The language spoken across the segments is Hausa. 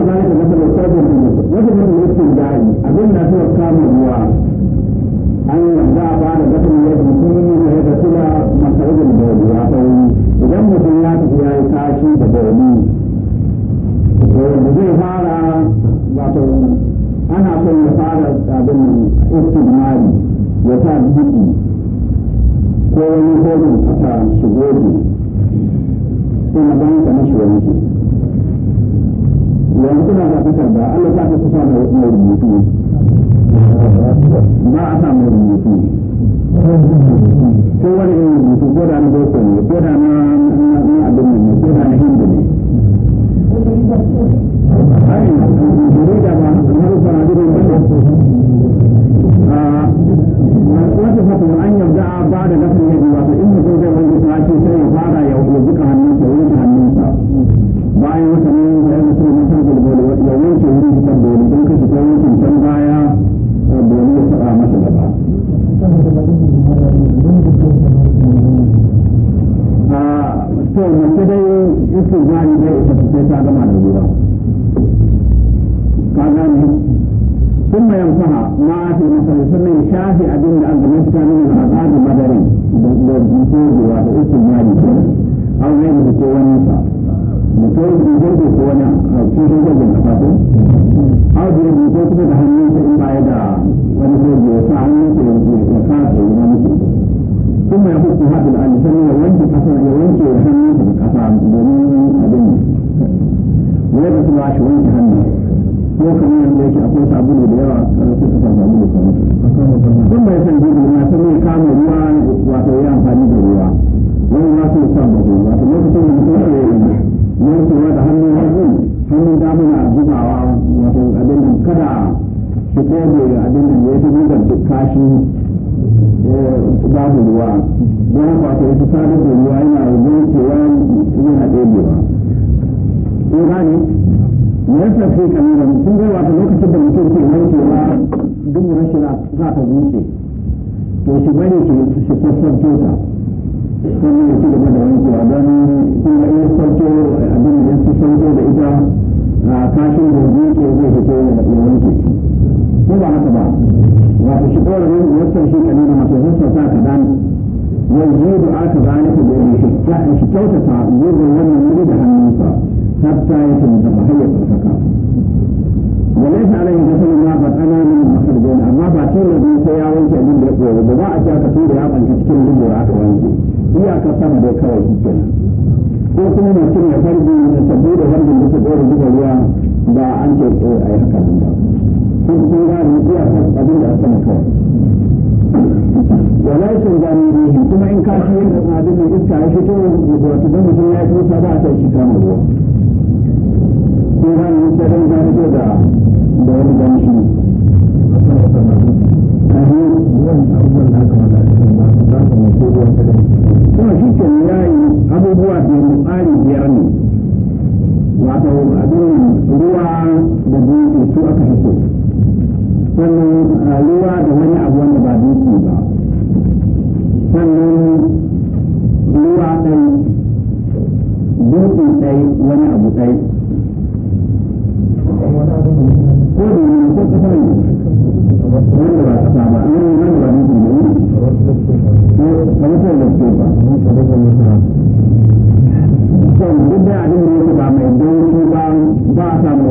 haka zai ka gasa da kofin da wata da ya yi abin da suka kama ruwa an za a fara gasar da yake mutum ne da kula masarufin da ruwa tsauri idan mutum ya tafi ya yi kashi da boli to da zai fara wato ana son ya fara abin istimari ya sa buɗi ko wani kodin ƙasa shigo ji sai na ban ka na shi yanzu kuna ga takarda Allah ta kusa da mai rubutu ba a samu rubutu ko wani irin rubutu ko da na boko ne ko da na abin ne ko da na hindu ne kashi eh, babu ruwa don haka ta yi fitari da ruwa yana guncewa yana ɗebewa ko gane ya sarfe kamar da mutum zai wata lokacin da mutum ke wancewa duk rashi za ta gunce to shi bari shi sassan ta sannan ya ci gaba da wancewa don kuma iya sauto abin da ya sassauto da ita kashin da gunce zai fito ya wanke shi ko ba haka ba wato shi korafi wancan shi kalila mato sassauta kaɗan yanzu da aka zane ka da shi kyautata wurin wannan wuri da hannunsa hatta ya tuntuɓa har ya tsarkaka وليس عليه غسل ما بطنا من المخرجين اما ba الذي a شيء من بيقوى وبما اتاك تولي يا من تسكن wanke راك وانجي هي kawai بيكوى شكرا ko kuma mutum ya farji da sabo da wanda da ta ɗora zuwa ruwa ba an ce eh, a yi haka nan ba sun gane iya abin da aka mutuwa walaikin zamirihin kuma in ka ci yin abin da iska ya fito wato don mutum ya fito ba ta shi kama ruwa ko gane ta sadon ya fito da da wani gamshi kuma shi ke ya yi abubuwa da mutsari biyar ne wato abin ruwa da buɗe su aka fito sannan ruwa da wani abu wanda ba dutse ba sannan ruwa ɗai dutse ɗai wani abu ɗai ko da ko kasa ne wanda ba kasa ba an yi wanda ba dutse ne ba mutum da ke ba sannan duk da abin da ya ba mai don ba ba a samu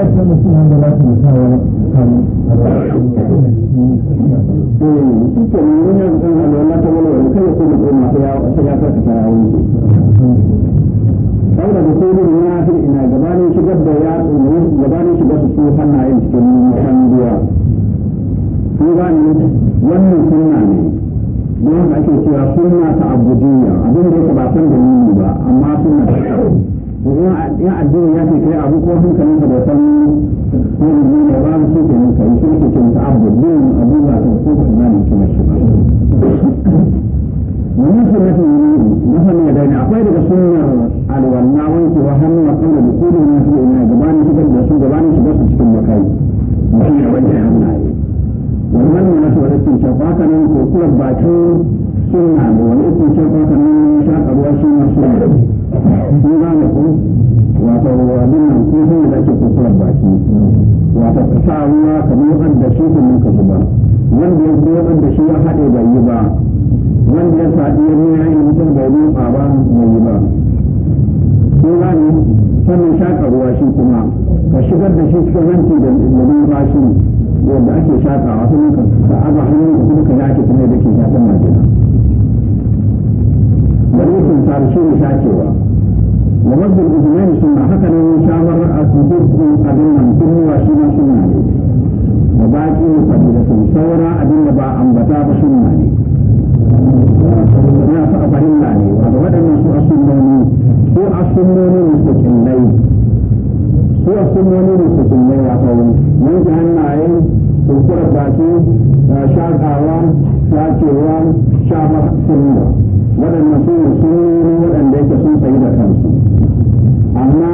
za ki zama cin hanga za musawa kan ke wani wani kai ya ya ta yawon kawai daga kodin ina gabanin shigar da ya tsoro gabanin shigar su su hannayen cikin hannuwa kun wannan sunna ne don ake cewa sunna ta abudiyya abin da yake ba san dalili ba amma sunna ta ya addini ya ce kai abu ko hankalin ka da san ko ne ba su ke nan kai shi ne ke ta abu bin abu ba ta ko ba ne ke na shi ba wani shi ne masan ya dai akwai daga sunnar alwanna wanke wa hannu wa kaula da kudu ne su ina gabanin shigar da su gabanin shigar su cikin makai mutum ya wanke hannaye wannan ne masu wani cin shafa ka nan ko kuma bakin sunna da wani cin shafa ka nan shaƙa ruwa sunna sunna kun nan da ake kokarar baki wato ka sa shi wanda ya shi ya bai yi ba wanda ya ya mutum bai ba bai yi ba kun gane sannan shaƙa ruwa shi kuma ka shigar da shi cikin hanci da numfashi wanda ake shaƙawa sannan ka aza hannun ka kuma ka yace kuma da ke shaƙan majina وليس تارشين شاكوا ومد الإجمان سنة حكنا شاور أتدركم قبلنا كل وشنا سنة وباقي مقبلة سورة أدن با أنبتا بسنة na su a fahimta ne wato waɗannan su a sunnoni su a sunnoni mustaƙillai su a sunnoni mustaƙillai wato wanke hannaye kurkurar baki shakawa shacewa shafar sunna waɗanda su sun waɗanda yake sun sayi da kansu amma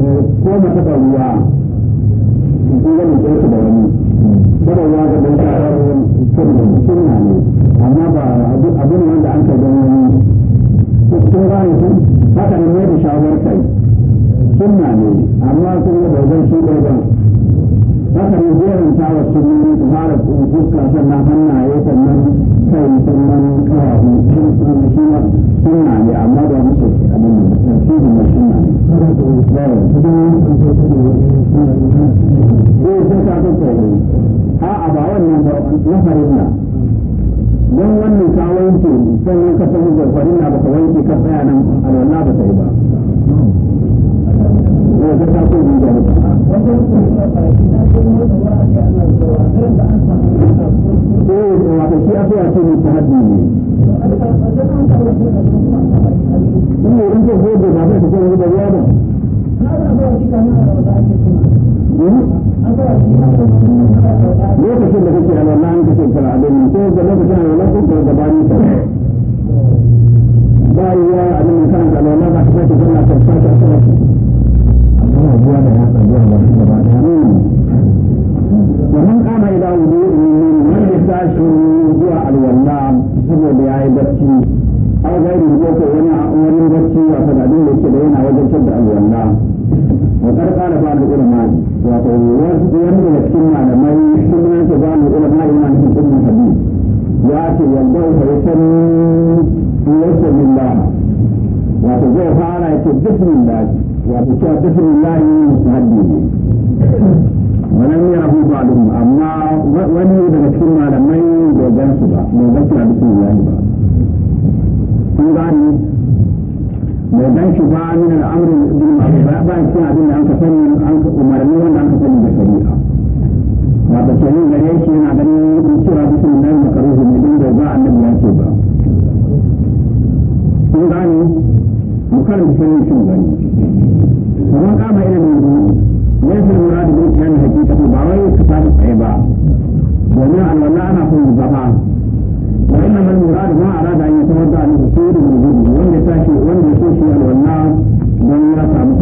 eh, ko ba taɓa ruwa sun gani ke su da wani kada ruwa ga ɗan shawar sunna ne amma ba abin wanda an kai don wani kun gane ku haka ne mai da shawar kai sunna ne amma kun ga bazan shi ɗaya ba haka ne jerin tawar sunnoni ku fara fuska sannan hannaye yin sunan kawabu shi kuma shi ma sunna ne amma ba musu abin nan shi ne mai sunna ne eh sai ka ga sai a a ba wannan ba na farilla don wannan ka wanke sannan ka na da farilla ba ka wanke ka tsaya nan alwala ba sai ba ko ta ka ko ji da ba ပြီး kun gane mu karanta sanin shin gani kuma kama ilimin ne ne sun muradu bin kiyan hakika ba wai ka fada tsaye ba domin alwala ana son zama wa inna man muradu ma arada an yatawadda an yusiru bil wanda tashi wanda so shi alwala don ya samu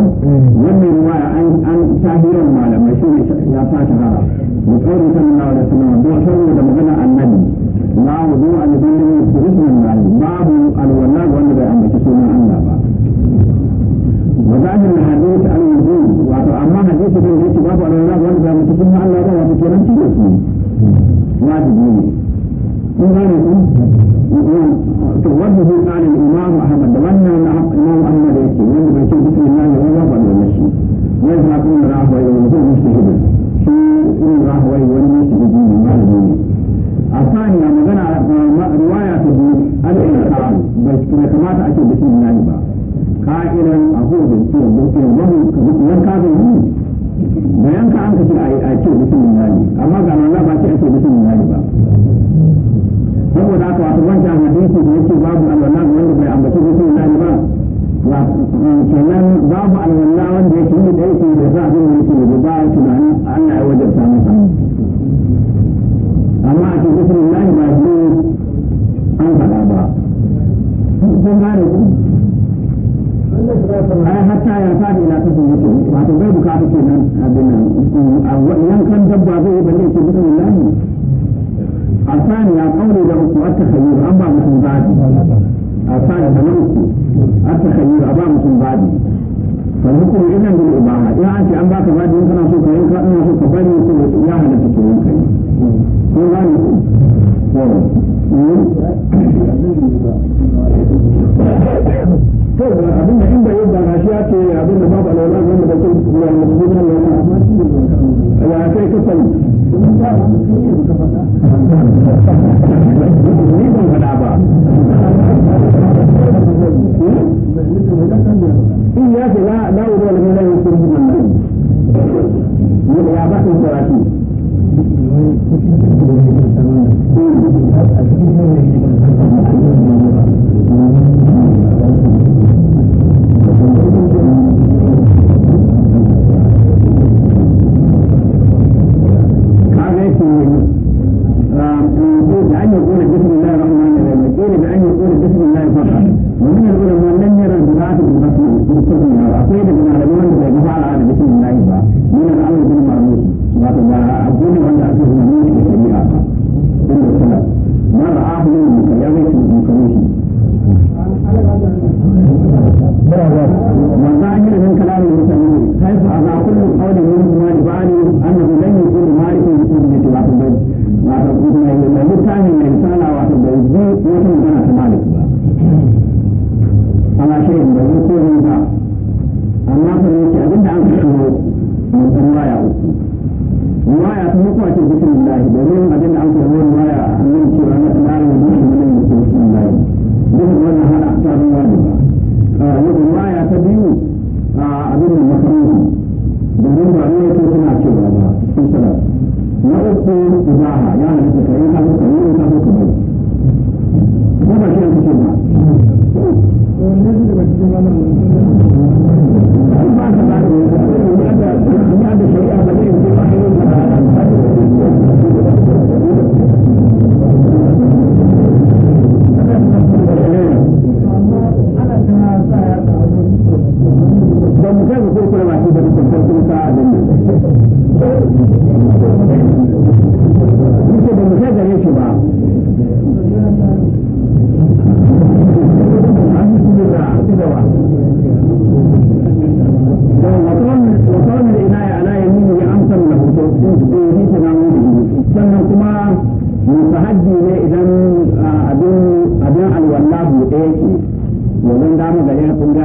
wannan ruwaya an an tahiran malamai shi ya fa shahara mu kauri sallallahu alaihi wasallam don saboda magana annabi la wudu an dinin rusmin nahi babu alwala wanda bai ambaci sunan Allah ba wa zahir hadith al-wudu wato amma hadisi da yake babu alwala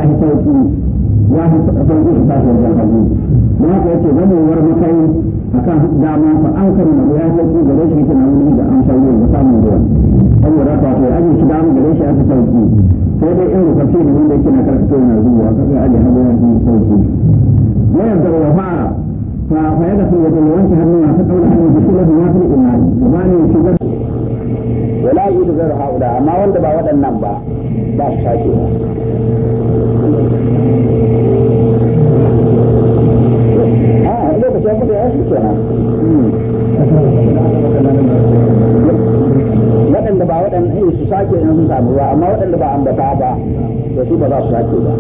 fi sauki ya fi sauki su tashi wajen hagu don haka yace ganewar makai akan dama fa an kari na ya sauki yake na wuri da an shawo da samun ruwa saboda haka aje shi sauki sai dai in rufafi ne wanda yake na karkato yana zuwa kaga aje hagu ya fi sauki da fara fa fa sun wanke hannu na ta kaula hannu da imani gabanin shigar wala yi da zai amma wanda ba waɗannan ba ba a lokaci ya fita ya shi kenan waɗanda ba waɗanda su sake in sun samu ruwa amma waɗanda ba ambata ba da su ba za su sake ba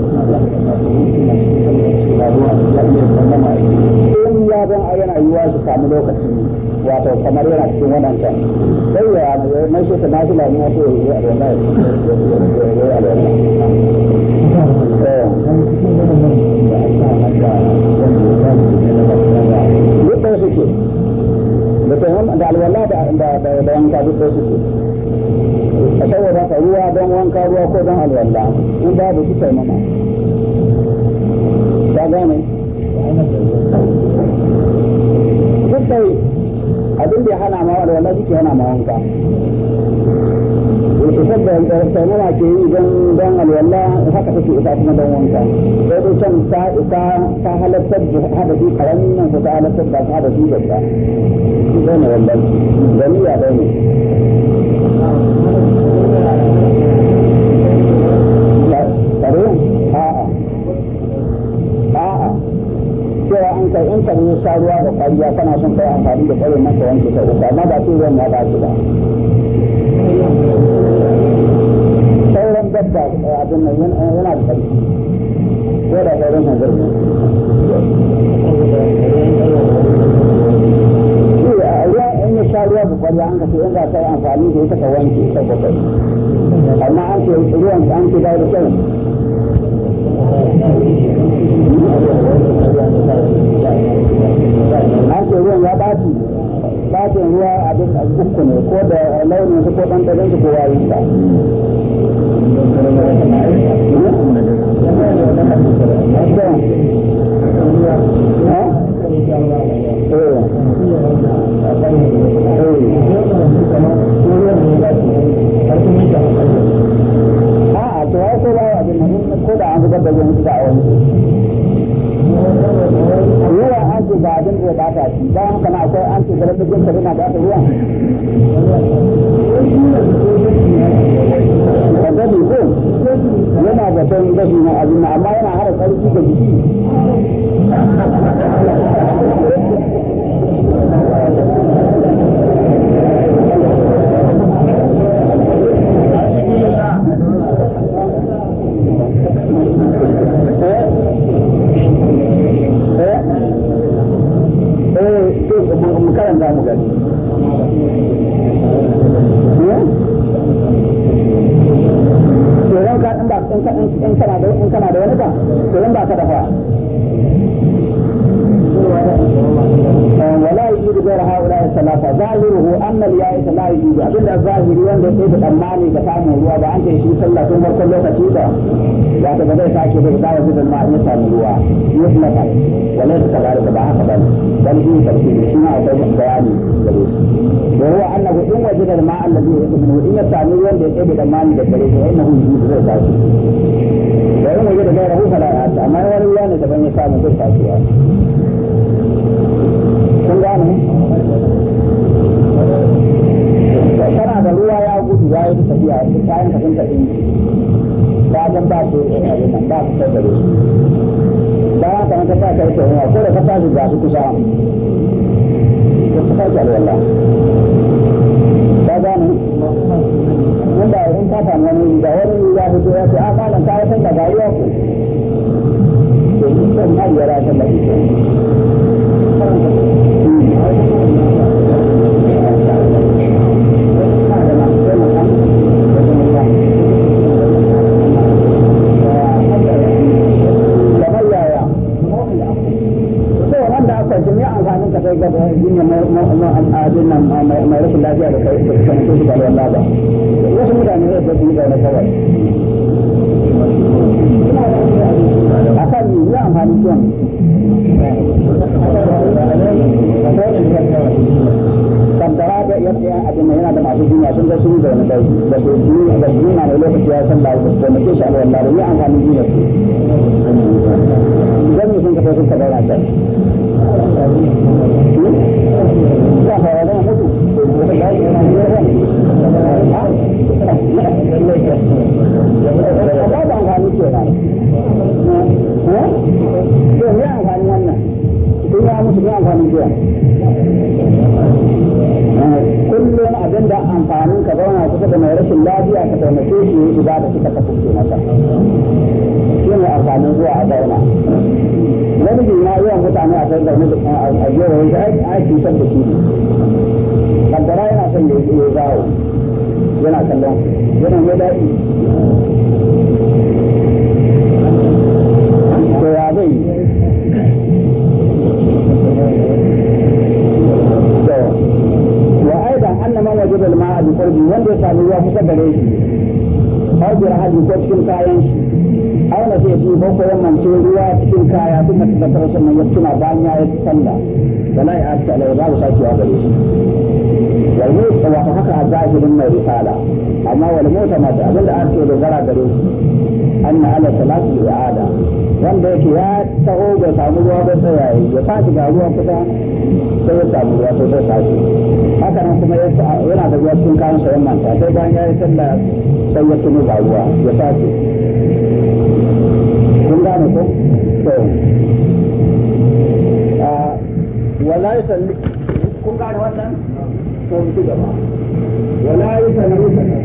in ya don a yana yiwuwa su samu lokaci wato kamar yana cikin waɗancan sai ya mai shi ta nafila ne ya ce ya yi ya alwala da alwala da da wanka duk da suke a saboda ka ruwa don wanka ruwa ko don alwala in babu da sai mana ka gane duk dai abin da ya hana ma alwala shi hana ma wanka يتشبه السنوات إذن دون الولاء حتى في إساس مدونك فإذا كان سهل السبب هذا في قوانين فسهل السبب هذا في جدا دون الولاء جميع دون cewa an kai in kan yi ruwa da kwariya kana son kai amfani da kwarin nan ka wanke sau uku amma ba ce ruwan ya ba ba sauran dabba eh, abin nan yana da ƙarfi ko da sauran hanzar ɗaya da tsammani da gare shi wani hudu da zai tashi da yin waje da gaira hufa da ya amma wani ruwa ne daban ya samu zai tashi ya kun gane kana da ruwa ya gudu ya yi tafiya kayan ka sun tafi ba zan ba su ba su sai gare اللہ رہی دیش ہے ملائكة ويعضي وأيضا أن من وجد الماء بقربه وانده صابوا وفسد ليش أو برهد يكون شكل كاين أو نتيجي بوكو هناك سيروا شكل كاين ثم تتبتر سنة يبتنا بانيا يتصلى ولا يأتي هناك إباب ساتي هذا ليش يعني وحكى الزائد من الرسالة amma wani mota mata abinda an ce zara gare shi an na ala salatu i'ada wanda yake ya taho bai samu ruwa ba tsayaye ya fashi ga ruwa kusa sai ya samu ruwa sai zai hakanan haka nan kuma yana da ruwa cikin kayan sayan manta sai bayan ya yi sallah sai ya tuno ga ruwa ya sashi kun gane ko to ah, wala yusalli kun gane wannan to ci gaba wala yusalli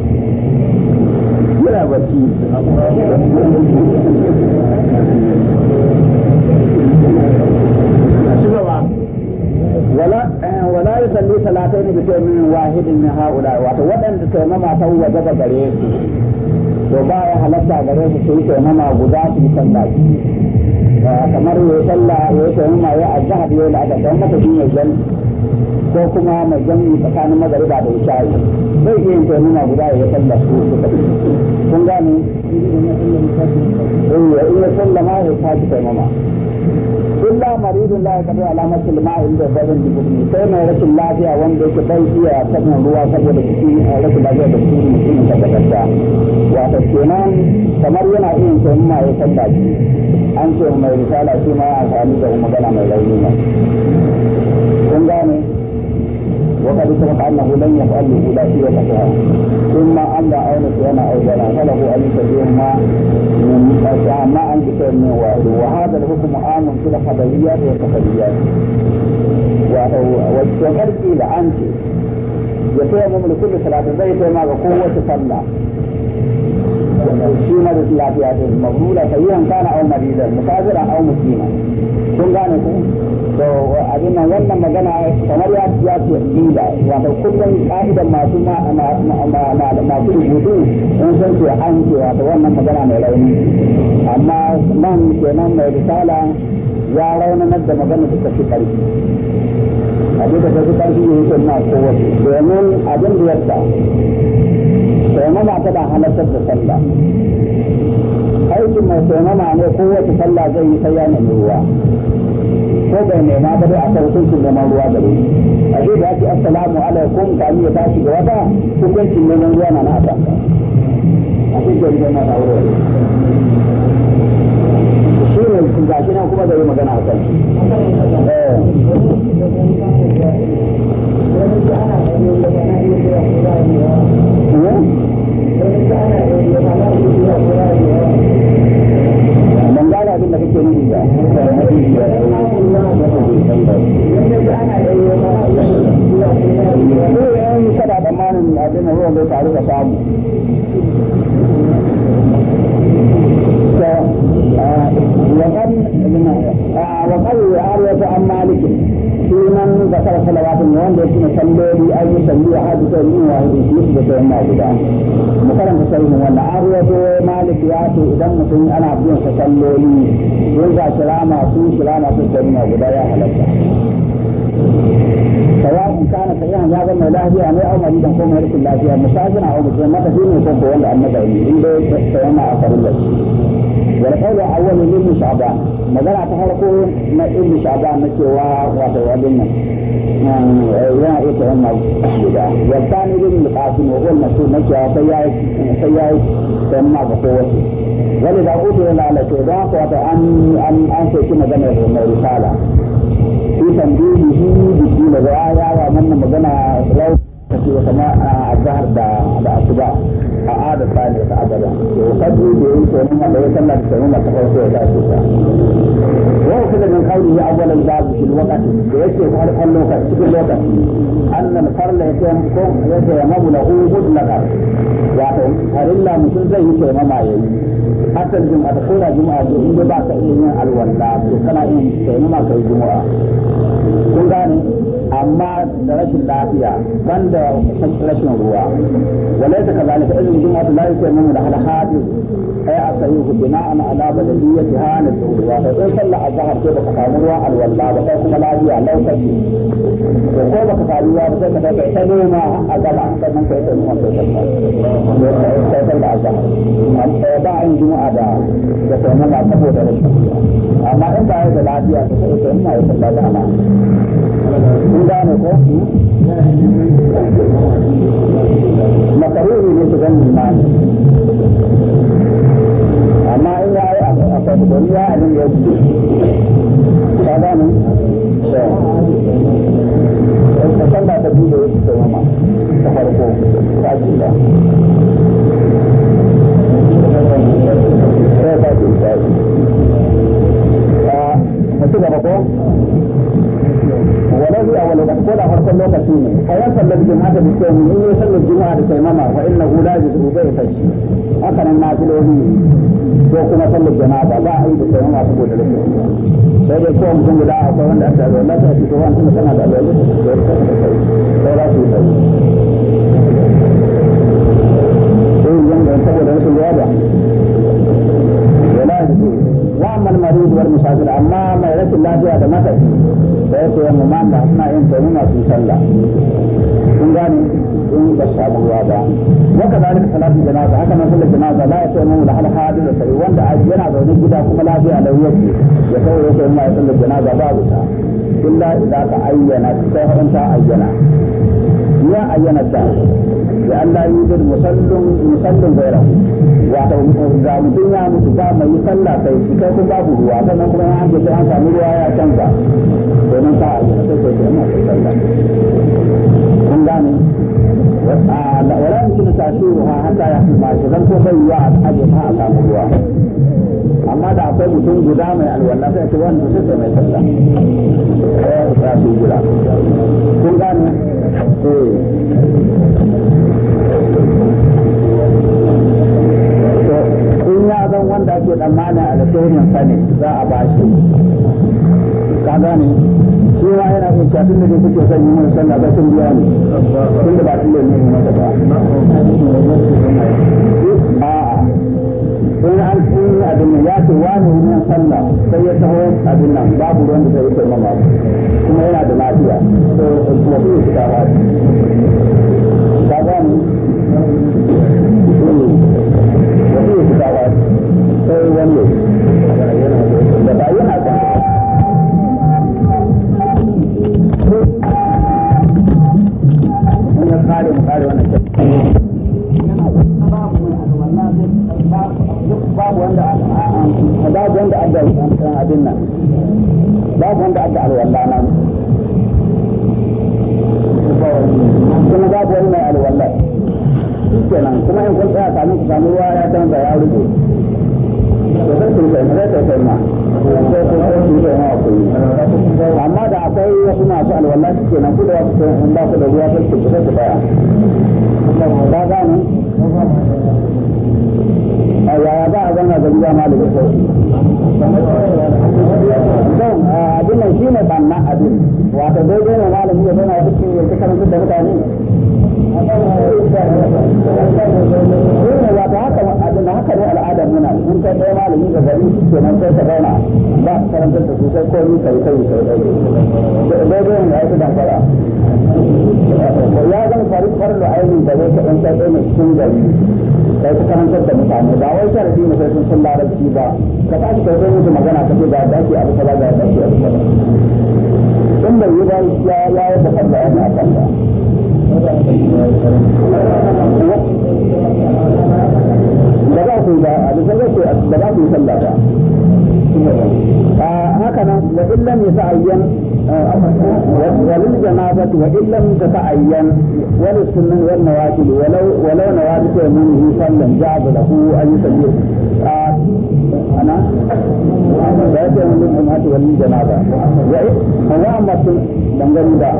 yana bacci wala eh, yi salli salatai ne bisa min wahidin min haula wato waɗanda taimama ta ga gare su to ba ya halatta gare su sai taimama guda su eh, yi sallah kamar ya sallah ya taimama ya azhar ya la'ada don mata shi ne ko kuma mai jami'i tsakanin magariba da isha'i zai iya yin taimama guda ya kalla su suka kun gane in eh, ya sallama ya sake taimama illa maridun la yaqdi alamatul ma'in da badan dubu sai mai rashin lafiya wanda yake bai iya sanin ruwa saboda jiki a eh, rashin lafiya da jiki mutum ta tabbata wato kenan kamar yana iya taimama ya kalla sallah an ce mai risala shi ma ya amfani da magana mai rauni ne kun gane وقد اتفق انه لن يفعل خلافيتها اما ان لا عين صيانه او جنى فله ان من يسجنهما معا بشيء من واحد وهذا الحكم عام في الخبريات والتقليات وقد قيل انت من كل صلاه زي وما بقوه صلى shi ma da lafiya da mabrula sayyihan kana aw maridan musafira kun gane ku to abin nan wannan magana kamar ya ya ce bila wato kullum ka'idan masu ma masu rubutu in san ce an ce wato wannan magana mai rauni amma nan kenan mai risala ya raunanar da magana da tafi ƙarfi abin da tafi ƙarfi yi yake na kowace domin abin da yadda domin ba ta da halartar da sallah aikin mai na ne kowace sallah zai yi sai ya nemi ruwa ko bai nema ba dai a kan hukuncin neman ruwa gare a shi da ake assalamu alaikum ka ya tashi ga wata hukuncin neman ruwa na na a a na dawo shi ne ga shi kuma zai magana a kan eh. Eh? kada tsammanin abin da ruwan zai faru da samu وقد وقد عروة عن مالك sunan da kar salawatu ne wanda yake salloli an ayi salli a hadu sai yin shi shi da sayan guda mu sai mun wannan an to malik ya ce idan mutum ana bin sa salloli yin ga shirama su shirama su sayan guda ya halatta سواء كان صحيحا يا ظن لا هي أو مريضا كو مريض لا هي مساجنا أو مسلم ما تدين يكون كو ولا أما بعيد إن ده سيما أثر الله والقول أول من شعبان ما زال أتحرقوا ما إبن شعبان نتوا وتوابنا نعم، يا والثاني ابن القاسم وهو المسؤول نتوا سياي سياي سيما بقوته ولذا أوتي إلى على سوداء وأن أن أن تكون جميع الرسالة tambayi shi da shi da ya yawa wannan magana lokaci wata ma a zahar da asuba a ada tsari wata abada to sabbi da yi to nan da ya sallah da tsari ta farko ya tashi ta wa kuma min qawli ya awwalan babu fil waqti da yace farkon lokaci cikin lokaci annal farla ya tayyam ko ya tayyama lahu mutlaqa wato farilla mutum zai yi tayyama yayi hatta juma'a ko da juma'a da inda ba ka iya yin alwala to kana yin tayyama kai juma'a kun gane amma da rashin lafiya ban da rashin ruwa walaita kazalika ilmin juma'atu la yusammanu da hal hadir أعطيه بناء على بلديتها عن الظهور وإن صلى الظهر كيف تقامرها الولاء وكيف ملاجئ لو تجي وكيف تقامرها وكيف تعتنوا ما أقل أحسن من كيف تنمو كيف صلى الظهر الأباء ينجموا أباء يتنمو ما تبوت أما انت بعد العادية فسوف تنمو يصلى الظهر kun gane ko makaruhi ne su gan limani الدنيا لم يجد شعبان فصلى تبديل يجتمع تفرقوا بعد الله وله أول تقول أفرق لوكتين فيصل الجمعة بالتيمم إن يصل الجمعة بالتيمم فإنه لا يجوز بيت الشيء أكل الناس الأولين ko kuma sallar jana'a ba a yi da sauran masu bude da sai dai ko mutum guda a kawai da aka zaune ta shi kowa tun tana da zaune da ta ta kai sai za su yi sai irin yanda saboda rashin ruwa ba wala shi wa amal marid wal musafir amma mai rashin lafiya da matafi sai ce wa mamma suna yin tayi masu sallah kun gane in ba samu ruwa ba wa kadalika salatu janaza haka nan sallar janaza la ya ce mun da halaka wanda a yana zaune gida kuma lafiya da yake ya kawo yake ma ya da janaza babu ta illa idza ka ayyana sai in ta ayyana ya ayyana ta ya Allah yi da musallin musallin gaira wato ga mutun ya mutu ba mai sallah sai shi kai kuma babu ruwa sannan kuma an ce an samu ruwa ya canza domin ta ayyana sai sai ina sallah kun gane ولا يمكن تأثيرها حتى يحصل ما يشغل فهي أجلها أسامه الله amma da akwai mutum guda mai alwala sai ce wanda sai sai mai sallah sai eh, ya su gura kun gane eh. in ya zan wanda ake tsammanin alkhairin sa ne za a ba shi ka gane shi ma yana iya cewa da ne kuke son yi mun sallah sai kun biya ne tun da ba tun da ne mun ba in abin ya ce wani wurin sallah sai ya taho abin nan babu ruwan da zai yi mama kuma yana da lafiya to kuma sai shi ta wani ka gani wasu ya shi ta wani sai wani da ba babu wanda aka alwala na kuma wani mai alwala kuma in kun tsaya ku samu ruwa ya canza ya rufe to sai kun ma amma da akwai wasu masu alwala shi kenan ku da wasu sai in ba ku da ruwa sai ku sai ku tsaya ba a yaya ba a zauna da don abin nan shi ne banna abin wato daidai ne malami ya zama duk ya ci karanta da mutane haka abin da haka ne al'adar in ɗaya malami da gari shi ke nan sai ka zauna ba ka karanta da su sai komi kai kai kai kai daidai ne ya ya da zai sai ɗaya cikin gari sai ka karanta da mutane ba wai sharafi ne sai sun sun larabci ba ka tashi kai kai musu magana ka ce ga daki abu kaza ga daki abu kaza in bai yi ba ya ya yi bakar da yana kan da ba za ku yi ba a bisa zai ba za ku yi sallah ba haka nan wa illam yata'ayyan ولل جنازة وإن لم تتعين وللسنن والنوافل ولو ولو نوافل منه صلى جاز له أن يصلي ma'ana da ya wani ya sun dangane da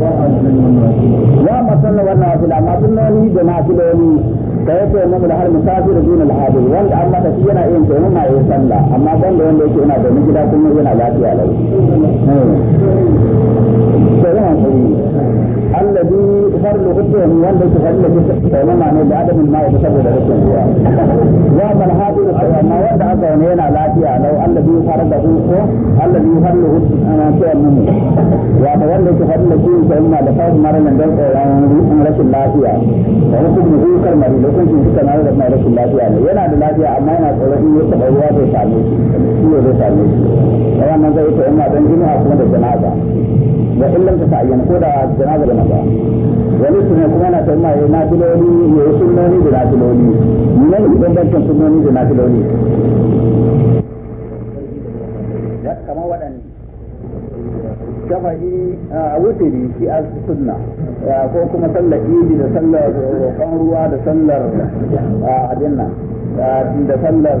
ya sun na wannan fila amma sun da da har al'adu wanda an mata shi yana yin taimu yin sallah amma banda wanda yake yana da gida kuma yana lafiya lau. Eh. الذي فرل غسلهم وليس فرل غسلهم معنى بعدم الماء بسبب غسلهم ومن هذه ما ودع كونين على أتي لو الذي فرله الذي فرله شيء منه ليس فرل شيء فإما لفاظ مرة من ذلك أن رسول الله فيها فحكمه كالمري لو كنت شكا على ما رسول الله فيها ينا لله أما ينا تقولون يتبعوا في سامي شيء في سامي شيء وأنا زي فإما بنجمع أصلا بالجنازة wa in ko da da maza wani kuma na ya na ya yi da na idan bankin da na kama waɗanne a shi a sunna ko kuma sallar idi da sallar roƙon ruwa da sallar abin da sallar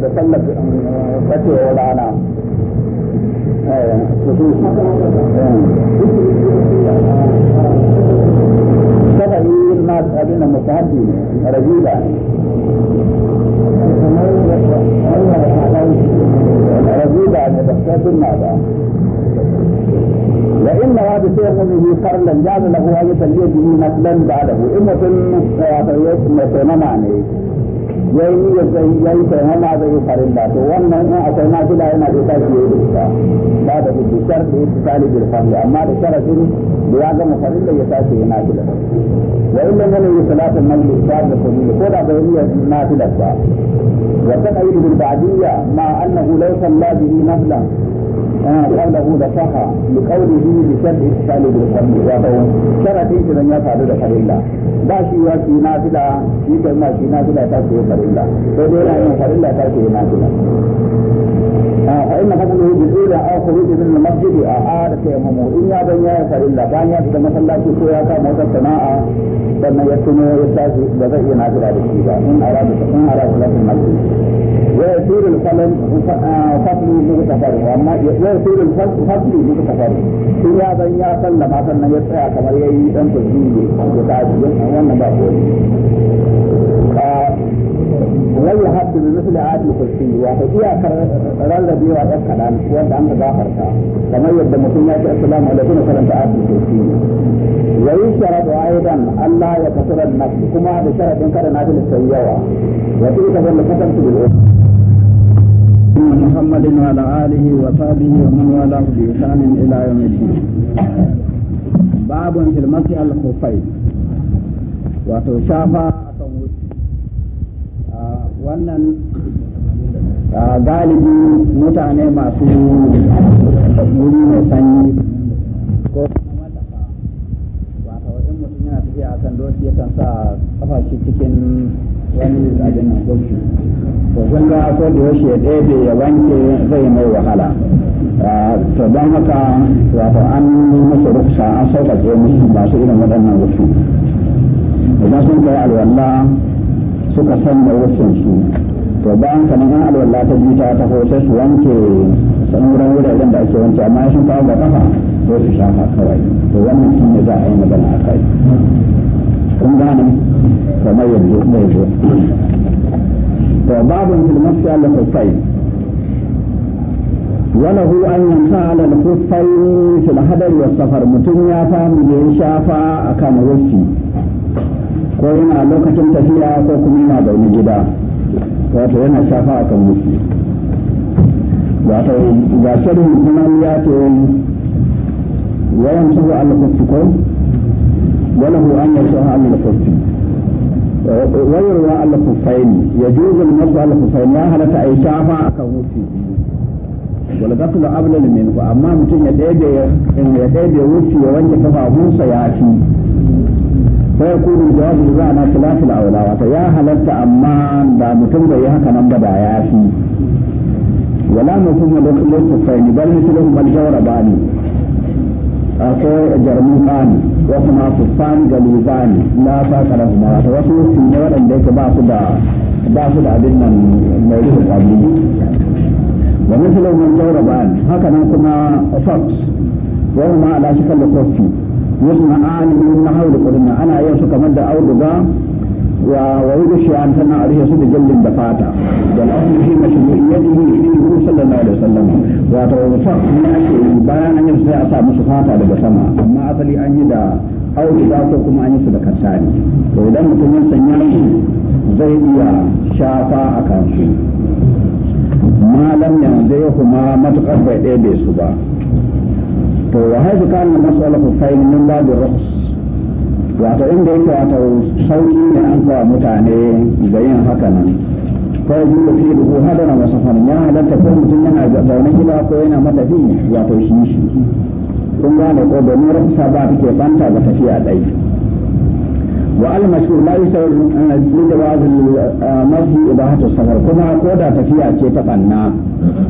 da sallar um, rana تغيير ما تقابلنا متعدين رجيلا رجيلا لبحثات المعدة وإن هذا بسيغمه قرلا جعل له هذا تليه مثلا بعده إن مثل مثلا معنيه yayi yadda yayi sai nan na zai farin da to wannan in akwai na bila yana da tashi yayi da ba da bi sharbi tsali bil fard amma da sharadin da ya gama farin da ya tashi yana bila wa in lam yana salatu majlis ba da kulli ko da bai yi na bila ba wa kan ayi bil ba'diyya ma annahu law salla bihi naflan قوله دفع بقوله بشرط اتصال بالقلب وهو شرط إذن يفعل دفع الله ba shi wa shi na fila shi kai ma shi na fila ta ce farilla sai dai yana yin farilla ta ce na fila آه، فإن فضله بطول أو آه، خروج من المسجد أعاد تيممه آه، إن يا بني فإلا بان يأتي في سويا كموت السماء ثم يكون يستاذ بذئي نازل على الشيبة إن أراد إن أراد صلاة المسجد ويصير الفضل فضل مغتفر وأما ويصير الفضل فضل مغتفر إن يا بني صلى ما صلى يسعى كما يأتي أن تجيبه وتعجبه وأن بابه wai ya haɗu da misali a haɗin kursi wato iyakar rarrabewa ɗan kaɗan wanda an gafarta kamar yadda mutum ya ce assalamu alaikum karanta haɗin kursi wai sharadu aidan Allah ya kasura nafsi kuma da sharadin kada na tuna sai yawa wato ita zan kasance bil محمد وعلى آله وصحبه ومن والاه بإحسان إلى يوم الدين باب في المسح الخفين وتشافى wannan galibi mutane masu wuri mai sanyi ko kuma wata wajen mutum yana tafiya akan doki yakan sa kafashi cikin wani abin nan goshi to kun ga ko da yaushe ya ɗebe ya wanke zai mai wahala to don haka wato an musu rufsa an sauƙaƙe musu masu irin waɗannan rufu idan sun kai alwala suka da wucin su to bayan kamar an alwala ta ji ta taho sai su wanke sanuran wuraren da ake wanke amma sun kawo ga kafa sai su shafa kawai to wannan shi ne za a yi magana a kai kun gane kamar yanzu mai zo to babin filmaski an yanta وله أن يمسى على الخفين في الحدر والسفر متن يا shafa a kan وفي ko yana lokacin tafiya ko kuma yana wani gida wato yana shafa a kan musu wato ga shirin sunan ya ce wayan tuhu al-kufi ko hu an yashaha wayan kufi wayarwa ne ya yajuzu na masu al-kufaini ya halatta yi shafa a kan musu wal da ablal minhu amma mutum ya daide ya daide wuce ya wanke musa ya fi sai ku ne jawabi za a na nasu lafi wula wata ya halatta amma da mutum da ya haka nan ba ya fi wala mu kun yi lokacin lokacin sai ni bari su lokacin bari jawara ba ne akwai jarumuka ne wasu masu fan galiba ne na sa karar kuma wata wasu su ne waɗanda yake ba su da abin nan mai rufe kwamini wani su lokacin jawara ba ne haka nan kuma fox wani ma'ala shi kan da kofi yusma'ani min nahawd qulna ana yin su kamar da auduga wa wayudu shi an sanna ariya su da jallin da fata da asli fi mashru'iyyatihi fi rusul sallallahu alaihi wasallam wa ta wafa ne ake bayan an yi sai a sa musu fata daga sama amma asali an yi da auduga ko kuma an yi su da kasani to idan mutum ya sanya zai iya shafa a kansu malam yanzu ya kuma matukar bai ɗebe su ba to wa haifu kan na masala kufain min babu rahus wato inda yake wato sauki ne an kawo mutane ga yin haka nan ko biyu fi duhu hadana wasu fannin ya halatta ko mutum yana zaune gida ko yana matafi wato shi shi kun gane ko domin rahusa ba take banta ga tafiya ɗaya وعلى مشهور لا يشعر لجواز المشي إباحة kuma ko da tafiya ce ta banna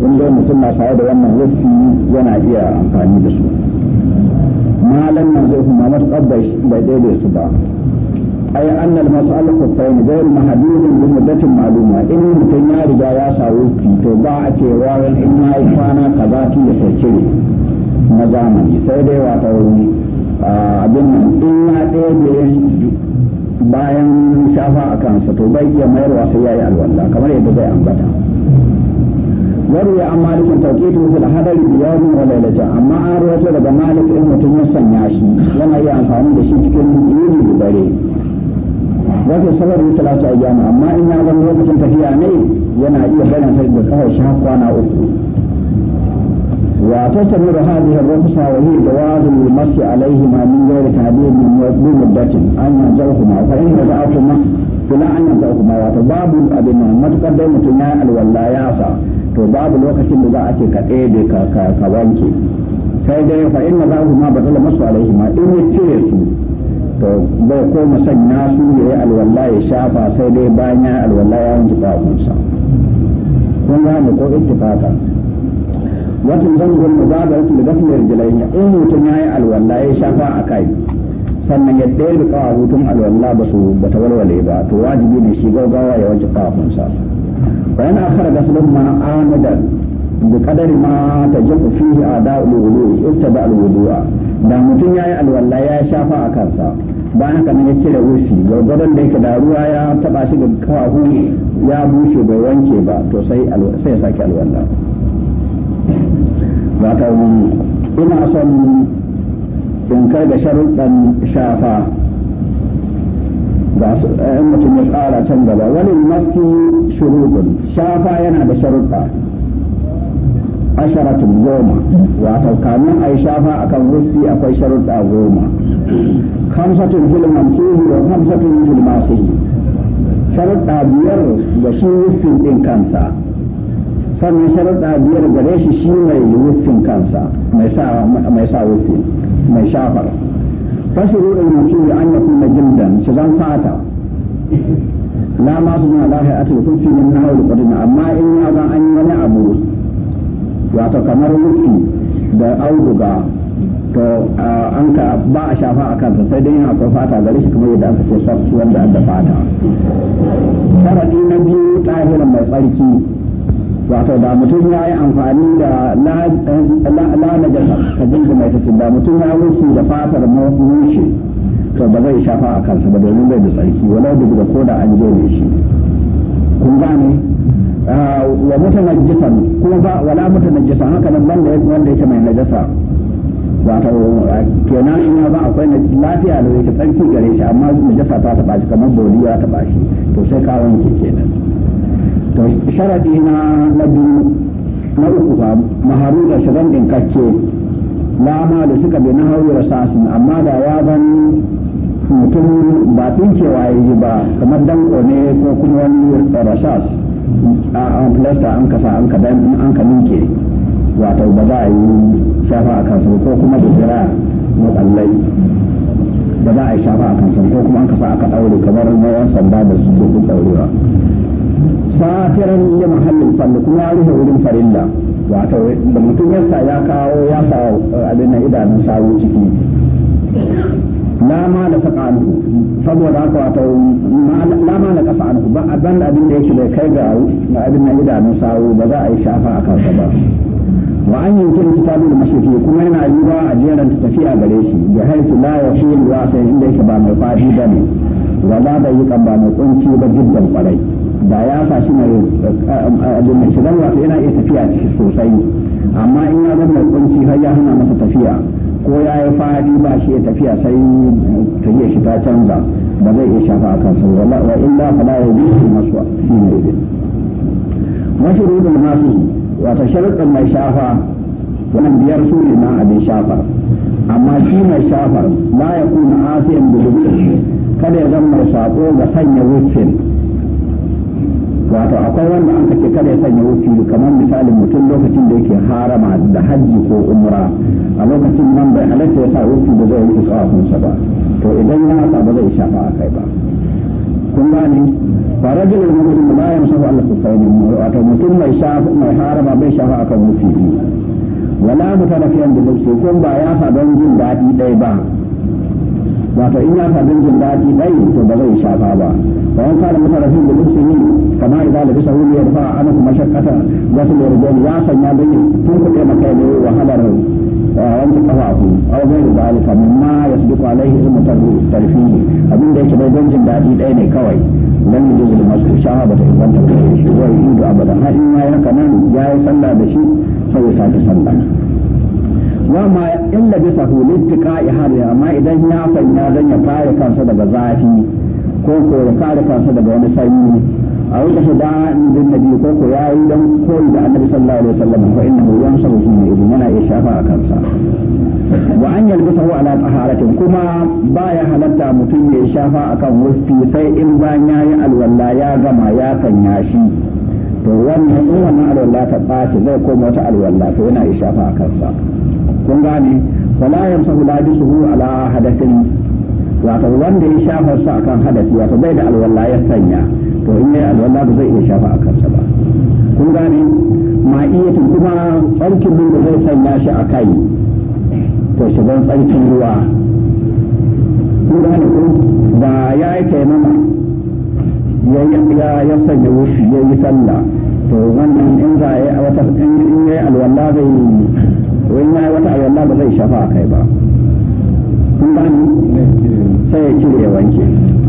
in dai mutum na saye da wannan rufi yana iya amfani da su malam nan zai kuma matuƙar bai daidai su ba ai annal mas'al khuffain ghayr mahdudin bi muddatin ma'luma in mutum ya riga ya sa rufi to ba a ce wawan in ya yi kwana kaza ki ya sauke na zamani sai dai wata abin nan in ya ɗaya bayan shafa a kansa to bai iya mayarwa sai yi alwala kamar yadda zai ambata waru ya amma malikin tauqitu fil hadari bi yawmin wa lailata amma an rawaito daga malik in mutum ya sanya shi yana iya amfani da shi cikin yini da dare wafi sabar yi talata ayyama amma in ya zama lokacin tafiya ne yana iya bayyana da kawai shafa kwana uku وتستمر هذه الرخصة وهي جواز المس عليهما من غير تعبير من مدة أن ينزعهما فإن نزعتما فلا أن ينزعهما وتباب أبنا متقدم تنا الولا يعصى تباب الوقت اللي ذاك كأيدي كوانكي سيدي فإن نزعهما بطل مس عليهما إن يتيرسوا to bai koma sanya su ya yi alwala ya shafa sai dai bayan ya alwala ya wanke kafunsa kun gane ko ittifaka watan zangon ba da gasu yarjilaiya in mutum ya yi alwala ya shafa a kai sannan ya ɗaya da hutun alwala ba su bata walwale ba to wajibi ne shi gaugawa ya wanke kawahunsa bayan akhara gasulun ma amidan bi kadari ma ta jabu fihi ada'ul wudu ibtada al wudu'a da mutum ya yi alwala ya shafa a kansa bayan haka ya cire rufi gwargwadon da yake da ruwa ya taba shi da kawahu ya bushe bai wanke ba to sai sai ya sake alwala wuri ina son in kai da sharuɗan shafa ga su eh, mutum ya tsara can gaba wani maski shuruɗin shafa yana da sharuɗa asharatun goma wata kamin a yi shafa a kan rufi akwai sharuɗa goma kamsatun filman tuhu da kamsatun filmasihi sharuɗa biyar da shi rufin ɗin kansa sannan sharaɗa biyar gare shi shi mai wufin kansa mai sa wufi mai shafar fasiru da mutum ya an yaku na jindan su zan fata la ma su na lahi a cikin fi min na haulu kudina amma in ya zan an yi wani abu wato kamar wufi da auduga to an ka ba a shafa a kansa sai dai yana akwai fata gare shi kamar yadda aka ce sarki wanda an da fata. Sharadi na biyu ɗahiran mai tsarki wato da mutum ya yi amfani da la da jasa ka jirgi mai tafi da mutum ya wuce da fatar mushe to ba zai shafa a kansa ba domin bai da tsarki walau duk da koda an je shi kun gane ah, wa jisan kuma ba wala jisan haka nan banda wanda yake mai najasa wato ah, kenan ina ba akwai lafiya da yake tsarki gare shi amma najasa ta taba shi kamar boliya ya taba shi to sai ka wanke kenan sharadi na na na uku ba maharu da shirin din kakke lama da suka bi na hauyar sasin amma da ya zan mutum ba ɗinkewa ya yi ba kamar danko ne ko kuma wani rasas a an filasta an kasa an ka dan an ka ninke wato ba za a yi shafa a kansa ko kuma da jira matsallai ba za a yi shafa a kansa ko kuma an kasa aka ɗaure kamar na yan sanda da su dukkan ɗaurewa safiran ya muhallin falli kuma ya rufe wurin farilla wato da mutum ya sa ya kawo ya sa eh, abin nan idanun sawo ciki lama da saka anhu saboda haka wato lama da kasa anhu ba abin abin da yake bai kai ga abin nan idanun sawo ba za a yi shafa a kansa ba wa an yankin kitabu da mashafi kuma yana yiwa a jeran tafiya gare shi da haisu la yin wa sai inda yake ba mai fadi ne wala da yi kan ba mai kunci ba jiddan kwarai da ya sa shi mai eh, eh, abin mai shigar wato yana iya tafiya ciki sosai amma in ya zama kunci har ya hana masa tafiya ko ya yi fadi ba shi ya tafiya sai eh, ta iya shi ta canza ba zai iya shafa a kansa wa illa fala ya bi su masu fi ne ibe wasu masu wata sharuɗin mai shafa wannan biyar su ne na abin shafar amma shi mai shafar ba ya kuna asiyan bulubi kada ya zama mai sako ga sanya wufin wato akwai wanda an ce kada ya sanya wufi kamar misalin mutum lokacin da yake harama da hajji ko umra a lokacin nan bai halatta ya sa wufi da zai yi tsawafinsa ba to idan ya sa ba zai shafa a kai ba kun gane ba rajin da mutum ba ya shafa Allah kufai ne wato mutum mai shafa mai harama bai shafa akan wufi ne wala mutarafiyan da lubsi ko ba ya sa don jin daɗi ɗaya ba wato in ya sa don jin daɗi ɗaya to ba zai shafa ba bayan kada mutarafin da lubsi ne kama idan da bisa wuri ya fa ana kuma shakkata wasu da rubutu ya sanya da ke tun kuɗe maka da wahalar eh, wanke kafafu aw gairu zalika mimma yasbiqu alaihi ilmu tarfihi abin da yake da don jin daɗi ɗaya ne kawai lam yujuz lil masjid shaha bata inganta ba shi wa yudu abada ha in ya haka nan yi sallah da shi sai ya sake sallah wa ma in ku hu ya harri amma idan ya sanya dan ya kare kansa daga zafi ko ko ya kare kansa daga wani sanyi a wanda shi da bin nabi ko ko yi don koyi da annabi sallallahu alaihi wasallam fa innahu yansabu sunna idan yana iya shafa a kansa wa an yalbisahu ala taharatin kuma baya halatta mutum ya shafa akan wufi sai in bayan yayi alwala ya gama ya sanya shi to wannan in wannan alwala ta bace zai koma wata alwala to yana iya shafa a kansa kun gane wala yamsahu labisuhu ala hadathin wato wanda ya shafa su akan hadathi wato bai da alwala ya sanya to in yayi alwala ba zai iya shafa a kansa ba kun gane tun kuma tsarkin nan da zai sanya shi a kai to shi zan tsarkin ruwa kun gane ko ba ya yi taimama ya ya sanya wushi ya yi sallah to wannan in za a yi wata in ya yi alwala zai in yi wata alwala ba zai shafa a kai ba kun gane sai ya cire ya wanke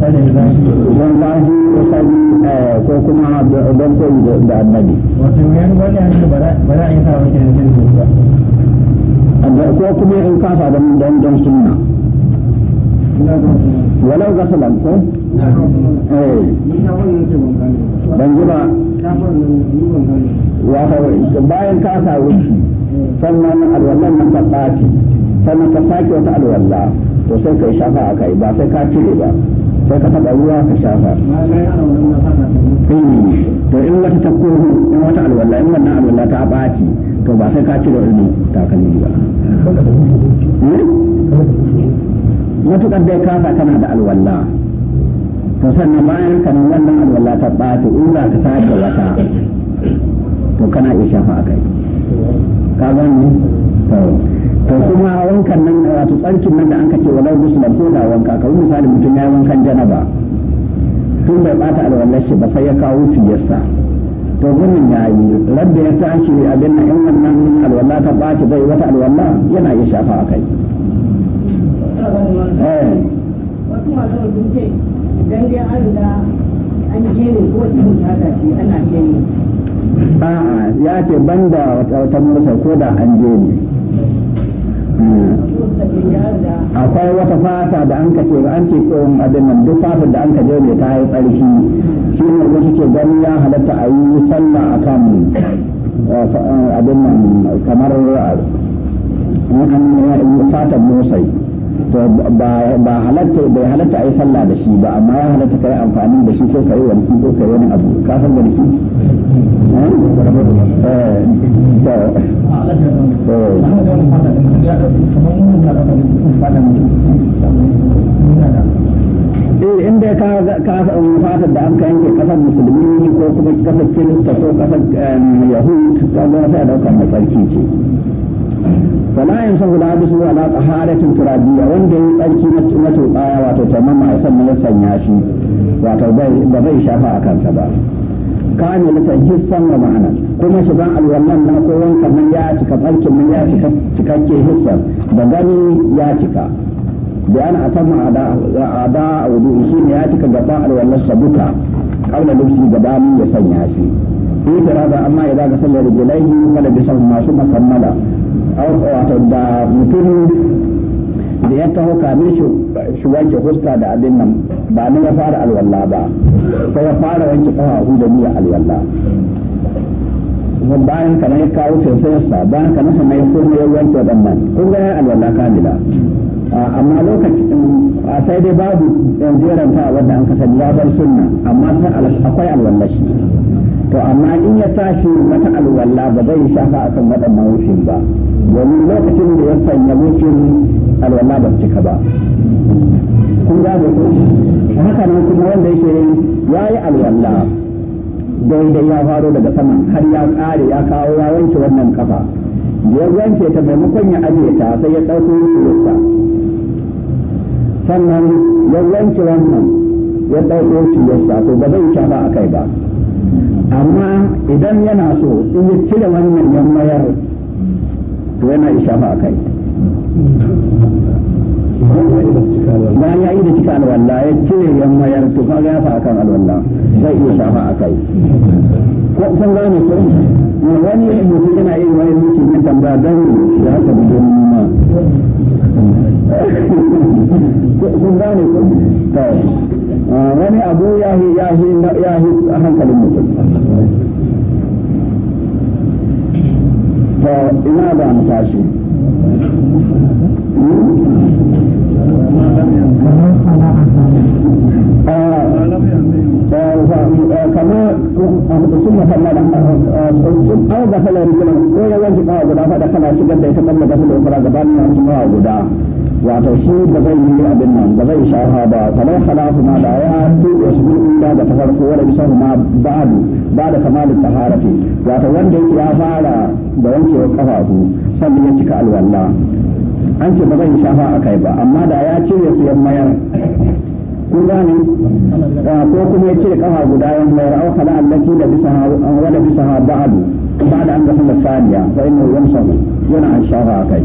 don lahi sani eh, ko kuma don koyi da annabi ko kuma in kasa don don don sunna walau gasalan ko eh ban ji ba wato bayan kasa wuce sannan alwallan nan ta ɓaci sannan ka sake wata alwalla to sai ka yi shafa a kai ba sai ka cire ba sai ka taɓa ruwa ka shafa eh, to in wata ta in wata alwala in wannan alwala ta ɓaci to ba sai ka cire ba hmm? matuƙar dai da alwala to sannan bayan kanan wannan alwala ta ɓaci in za ka sake wata to kana iya shafa a kai ka gani to kuma wankan nan wato tsarkin nan da an kace walau gusla ko da wanka kamar misali mutum ya wankan janaba tun bai bata alwallar shi ba sai ya kawo fiyarsa to wannan ya yi rabbi ya tashi abin nan in wannan alwala ta baci zai wata alwala yana iya shafa a kai eh. wasu idan dai an riga an ko ta ana a'a ya ce banda wata mursa ko da an je ne akwai wata fata da an ka ce an ce ko abin nan duk fata da an ka je ne ta yi tsarki shi ne ko shi ke gani ya halatta a yi sallah kan eh, eh, abin nan kamar eh, an fatan musai to ba halatta bai halatta a yi sallah da shi ba amma ya halatta ka yi amfani da shi ko kai wani ko kai wani abu ka san walki eh, eh inda ka ka fata da an ka yanke kasar musulmi ko kuma kasar kirista ko kasar yahud ka ga sai da kan tsarki ce فلا ينصح لابسه ولا طهارة ترابية وند يتركي متوقايا وتتمم أسن يسنياشي وتبي شفاء كان سبا كان سن ومعنى كما شزاء الولن نقول كمن ياتك فالك من ياتك تكاكي هسا بغني ياتك بأن أتم أعداء ودوسين ياتك قطاع الولن سبكا قبل لبسي قدامي يسنياشي إذا رضا أما إذا قسل رجليه فلبسهما ثم كملا wato da mutumin da ya taho kamin shi wanke huska da abin nan ba na ya fara alwalla ba sai ya fara wanke kafafu da niyya alwalla bayan kana ya kawo fesayarsa bayan kana sannan ya koma ya wanke waɗannan kun ga ya alwalla kamila amma lokacin a sai dai babu eh, jeranta wadda an kasance ya bar sunna amma sai akwai alwallashi to amma in ya tashi wata alwala ba zai shafa akan waɗannan wufin ba domin lokacin da ya sanya wufin alwala ba cika ba kun gane ko haka nan kuma wanda yake ya yi alwala daidai ya faro daga sama har ya kare ya kawo ya wanke wannan kafa ya wanke ta maimakon ya ajiye ta sai ya ɗauko wufin sannan ya wanke wannan ya ɗauko wufin to ba zai shafa a kai ba amma idan yana so in ya cire wannan yan mayar to yana ishafa a kai ba ya yi da cika alwallah ya cire yan mayar to kaga ya sa akan alwallah zai iya shafa a kai ko kun gane ko wani mutum yana yin wani mutum ya tambaya dan da haka bujin ma Sungguh ni tu. Mana Abu Yahi Yahi nak Yahi akan kalau macam tu. Ina ada macam kalau kamu kamu bersungguh sama dengan sungguh, kalau dah kalau dia kalau dah kalau dah kalau sebenarnya kamu dah kalau berada di mana semua wato shi ba zai yi abin nan ba zai shafa ba kamar khalafu ma da ya tuɗe su bin da ta farko wanda bisa ma ba'du ba da kamalin taharati wato wanda yake ya fara da wankewa kafafu sannan ya cika alwala an ce ba zai shafa a kai ba amma da ya cire su yan mayar kun gane ah, ko kuma ya cire kafa guda yan mayar au khala allati da bisa wala bisa ba'du ba da an ga sallar saniya fa innahu yamsahu yana an shafa a kai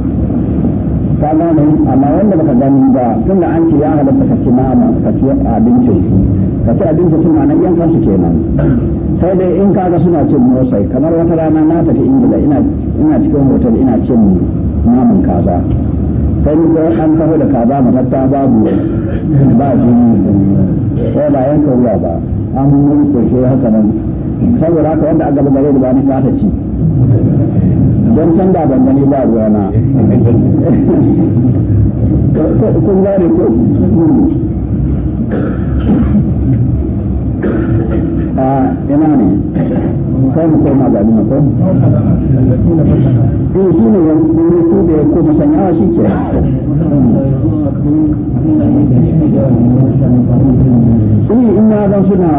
ka gane amma wanda baka gani ba tunda an ce ya halatta ka ci nama ka ci abincin su ka ci abincin su ma'ana yan kansu kenan sai dai in kaga suna cin motsai kamar wata rana na tafi ingila ina cikin hotel ina cin naman kaza sai ni ga an taho da kaza ta babu ba jini sai ba yan wuya ba an mun ko haka nan saboda haka wanda aka gaba gare da ba ni kasa ci don can da ban gani ba ruwana kun gane ko a ah, ina ne sai mu koma ga na ko ne eh, shi ne kuma su da ya kuma sanyawa shi ke in eh, ina zan suna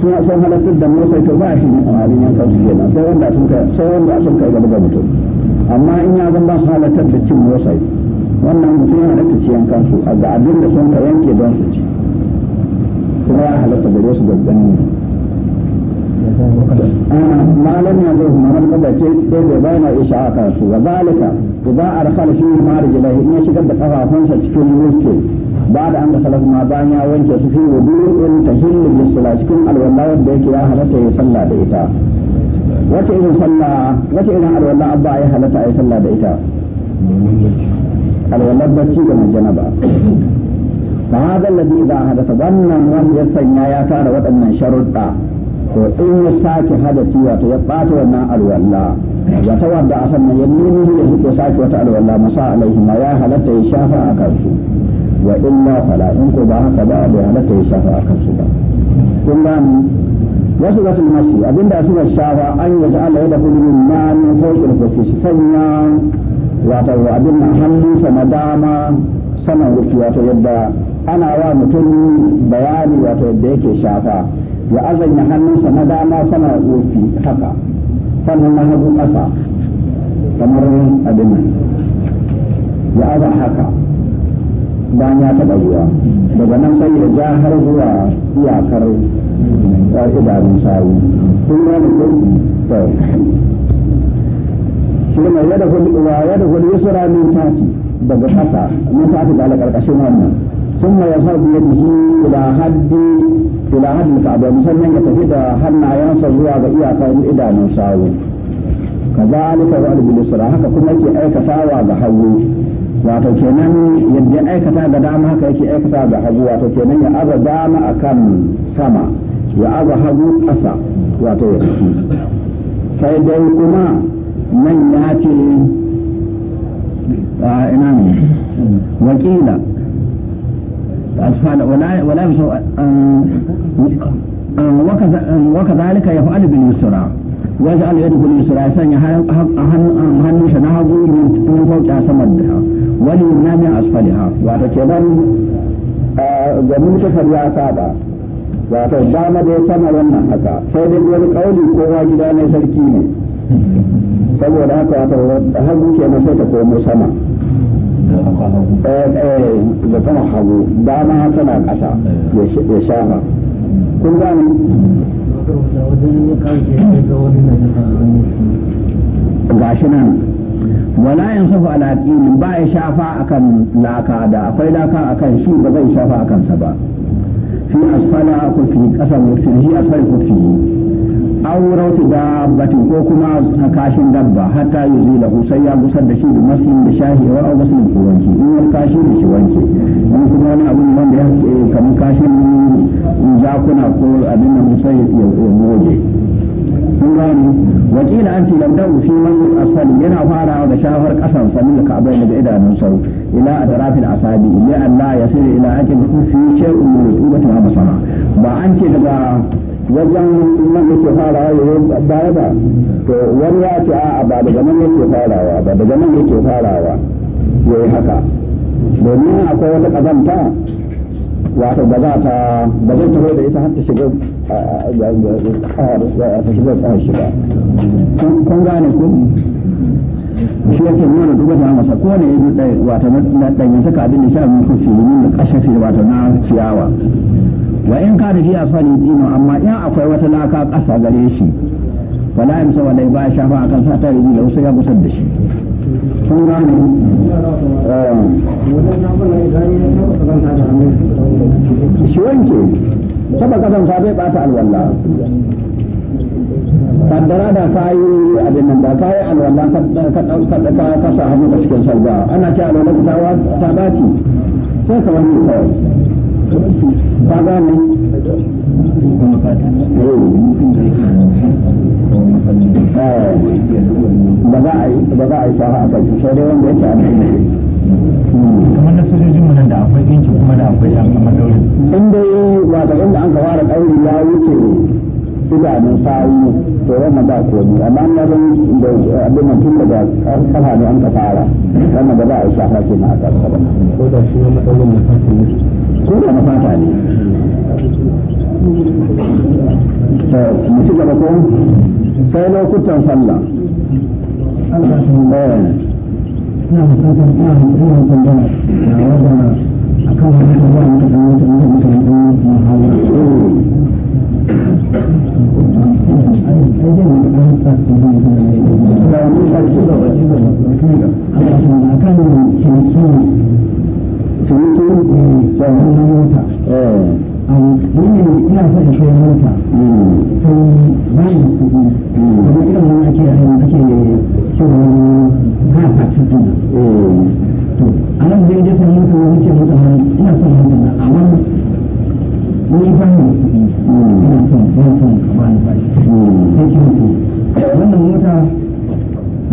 sun sun halartar da musa to ba shi ne a yankan su ke sai wanda sun kai sai wanda sun kai ga daga mutum amma in ya zan ba su halartar da cin musa wannan mutum yana halatta ci yankan a ga abin da sun ka yanke don su ci kuma ya halatta gare su gaggan ne ما لم يزره من قد تيد بين إشعاء كرسو وذلك إذا أرخل فيه مارج له ya shigar da ƙafafunsa cikin ملكي بعد أن صلى ما بانيا وانك في وضوء تهل بالصلاة كن الولاء بيك يا هلتا يصلى بإيتا وكي إذن صلى وكي إذن الولاء أبا يا هلتا يصلى بإيتا الولاء بكي من جنبا فهذا الذي إذا حدث ظنا من يسنى يا تارى وأن شرطا وإن يساك حدثي وتيقات وانا الولاء وتوضع سنة ينينه يساك وتعالى والله مساء عليهما يا هلتا يشافى أكرسو wa illa fala in ko ba haka ba bai halatta ya shafa a kansu ba kun ba ni wasu wasu masu abinda suka shafa an yi ta Allah ya da kullum ma shi ko shi sanya wato abin nan hannu sama dama saman rufi wato yadda ana wa mutum bayani wato yadda yake shafa ya azanya hannunsa na dama sama rufi haka sannan na hagu ƙasa kamar abin nan ya aza haka ban ya taba zuwa daga nan sai ya ja har zuwa iyakar eh, idanun sawu kun ga ne kun to kuma ya da hudu wa ya da hudu yusra min tati daga kasa min tati da alaƙar ƙashin wannan ma ya sa biyar da su ila haddi ila haddi ka ba musamman ya tafi da hannayensa zuwa ga iyakar idanun sawu kazalika wa albulisra haka kuma ke aikatawa ga hagu wato kenan yadda aikata ga dama haka yake aikata ga hagu wato kenan ya aza dama akan sama ya aza hagu ƙasa wato ya tafi sai dai kuma nan ya ce ina ne wakila ولا يشاء وكذلك يفعل باليسرى ويجعل يده اليسرى يسني هل هل هل هل هل هل هل هل هل هل wani yumna min asfaliha wato kenan ga mutasar ya saba wato dama da ya sama wannan haka sai dai wani kauli kowa gida ne sarki ne saboda haka wato hagu kenan sai ta komo sama eh, eh, da kama hagu dama tana kasa ya shafa kun ga shi nan wala yansafu ala qilin ba ya shafa akan laka da akwai laka akan shi ba zai shafa a kansa ba fi asfala ko fi kasan shi asfali ko fi aurau su dabbatin ko kuma kashin dabba hatta yi zai lahu sai ya gusar da shi da masin da shahi wa au masin ki wanke in wani kashi da shi wanke in kuma wani abin wanda ya kamar kashin jakuna ko abin da musai ya goge sun gani wakila an ce yabda'u fi masu asfali yana farawa da shafar kasan sanin da ka'abai daga idanun sau ila adrafil asabi ya allah ya yasir ila ake fi shay'in min rutubati ba basara ba an ce daga wajen nan yake farawa ya baya ba to wani ya ce a'a ba daga nan yake farawa ba daga nan yake farawa yayi haka domin akwai wata kazanta wato ba za ta ba zai taho da ita har ta shiga shiga tsawon shiga kun gane ku shi yake nuna duk wata masa ko ne yaji dai wato na dan saka abin da sha mun kufi min da kashafi wato na ciyawa wa in ka da fiya sani dino amma in akwai wata laka ƙasa gare shi wala yamsa wala ba shafa akan sa ta yi da wasu ya gusar da shi kun gane shi wanke saba kazanta bai bata alwala kaddara da kayi yi abin nan da ka yi alwala ka ka sa hannu a cikin salba ana ce alwala ta ta baci sai ka wani kawai ka ni eh, ba za a yi shara a kai sai dai wanda yake a cikin kamar na sojojin mu nan da akwai yanki kuma da akwai yan kamar daure in dai wato inda an kawara daure ya wuce idanun sawu to wannan ba komi amma na zan da abin nan tun daga kafa ne an ka fara wannan ba za a yi shafa ke na a ƙasa ba ko da shi na fata ne ko da na mu ci gaba ko sai lokutan sallah Allah 那我刚才那那我们的然后呢，看完之后我们然后然后我们然后好了。Thank you. ba fa cin din to anan zai da san mutu wuce mutu nan ina son mutu na amma wani ba ni ina son ina son ba ni ba sai ki mutu wannan mota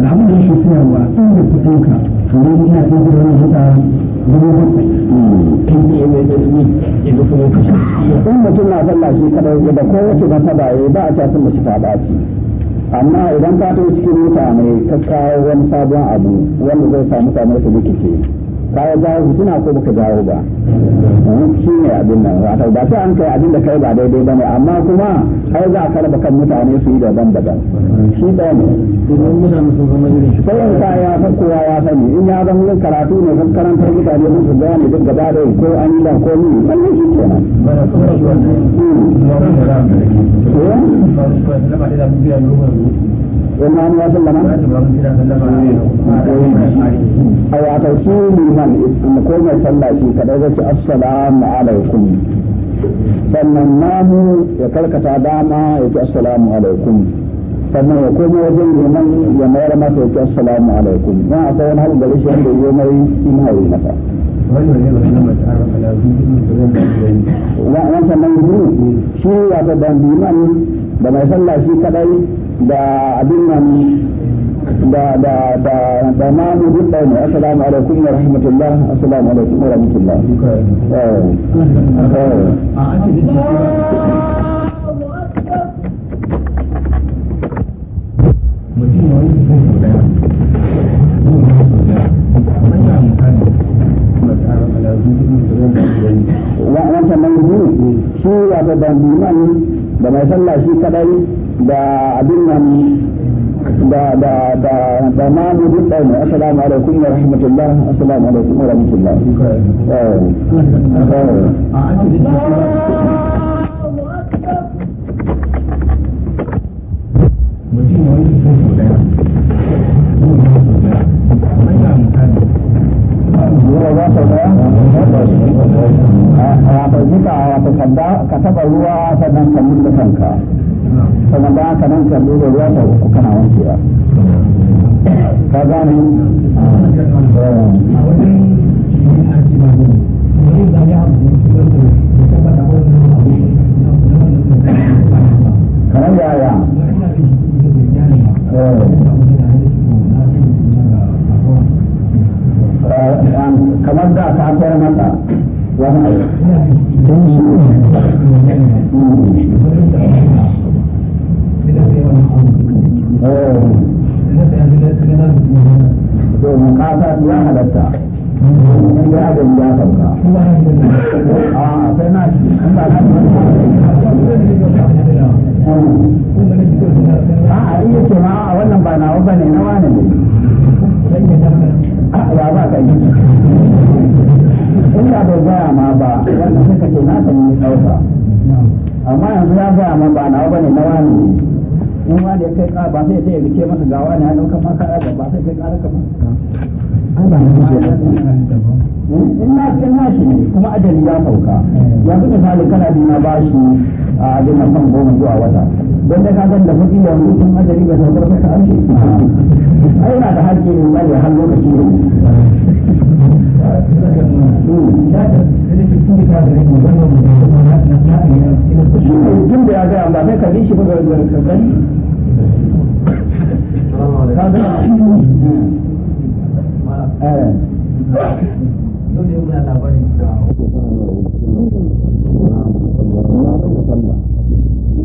da abin da yake sayarwa inda kuɗin ka ina ɗaukar wannan mota dubu bakwai kan ke mai da ya in mutum na sallah shi kadai da kowace masaba ya ba a casin mace ta ɓaci amma idan ka tafi cikin mutane ka kawo wani sabon abu wanda zai samu samun su rikice bayan jawo fitina ko baka jawo ba shi ne abin nan wato ba sai an kai abin da kai ba daidai ba ne amma kuma ai za a karba kan mutane su yi daban daban shi ɗaya ne sai in ka ya san kowa ya sani in ya zama yin karatu ne kan karantar mutane sun su gane duk gaba da ko an yi ko ni wannan ya sallama a wata shi liman ko mai sallah shi kadai zai ce assalamu alaikum sannan namu ya karkata dama ya ce assalamu alaikum sannan ya koma wajen liman ya mayar masa ya ce assalamu alaikum ya akwai wani halin da rashin wanda ya mai shi ma yi masa wancan nan guru shi wata dan liman da mai sallah shi kadai da abin nan da da da da ma mu duk da ne assalamu alaikum wa rahmatullah assalamu alaikum wa rahmatullah wancan mai biyu shi wata da liman da mai sallah shi kadai da abin nan da da da da ma mu duk da ne assalamu alaikum wa rahmatullah assalamu alaikum wa rahmatullah mutum ya wani so so daya so daya kamar ya misali ba ba sau daya wato jika wato ka taba ruwa sannan ka mutu kanka sannan ba ka nan ka duba ruwa sau uku kana wankewa ka gane yaya eh, eh, kamar da ka mata domin kasa ya halatta in ya ga ba na a ma a wannan ba nawa na wani ne ah, In inda bai gaya ma ba wanda suka ce na sani ɗauka amma yanzu ya gaya ma ba na ba ne na wani in wani ya kai ƙara ba sai ya rike masa ga wani ya ɗauka ma kara ba sai kai ƙara ka hmm? in na shi na ne kuma ajali ya sauka yanzu misali kana bi na bashi a abin nan kan goma zuwa wata don da ka zan da kuɗi yanzu tun ajali bai sauka sai ka amshe ah. ai na da hakki in tsaye har lokaci ne jin da ya gaya ba sai shi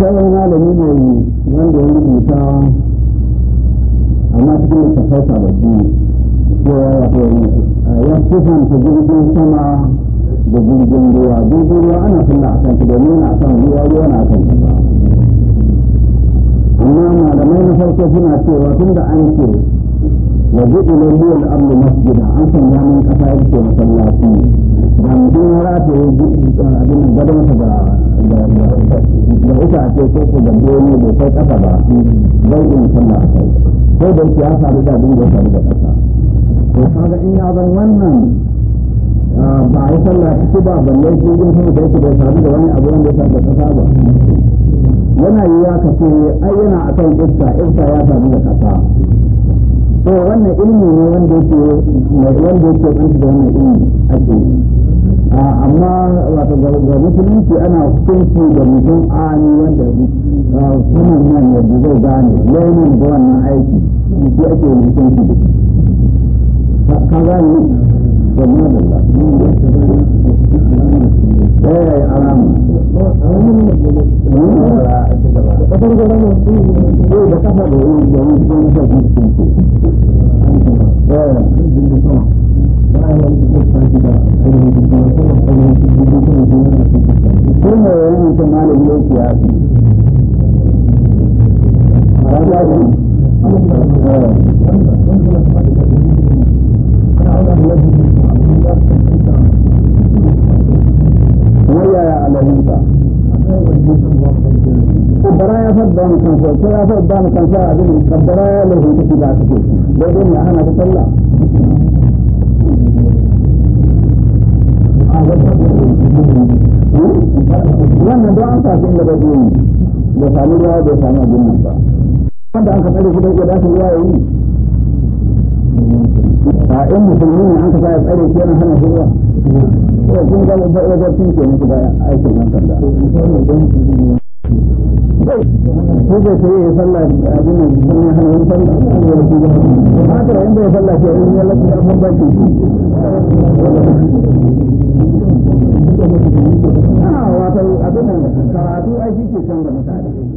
akwai wani malami mai wanda ya rubuta amma cikin tafai sababbi cewa ya kusanta jirgin sama da jirgin ruwa jirgin ruwa ana fulla a kan domin na kan ruwa ruwa na kan amma malamai na farko suna cewa tun da an ce wa ji'ila liyal amru masjida an san ya min kasa yake masallaci ya rataye abin gadon sa da itace ko bai kai kasa ba zai iya sallah kai ko da yake ya faru da abin da ya faru da kasa to kaga in ya zan wannan ba a yi sallah ciki ba balle ko in sama da yake bai faru da wani abu wanda ya faru da kasa ba yana yi ya kace ai yana akan iska iska ya faru da kasa to wannan ilimi ne wanda yake wanda yake da wannan ilimi ake Ah, amma wato ga musulunci ana hukunci da mutum ani wanda ah, sunan nan yadda zai gane launin da wannan aiki shi ake hukunci da shi ka eh, eh, da da da da da da da da da ko ya fa ba mu kan sa abin kabbara ya lafi take ba take dai ne ana ta sallah wannan don an sashi inda bai yi da sami ruwa bai sami abin nan ba wanda an ka tsare shi bai iya dace ruwa yayi a in musulmi an ka sa ya tsare kenan hana shi ruwa ko kun ga ba ya zartin kenan shi ga ko bai sai ya sallah a nan sun ya hana wani sallah an yi rasu ba haka da inda ke in ya lafi abin ba ke a wata abin nan karatu ai shi ke canza mutane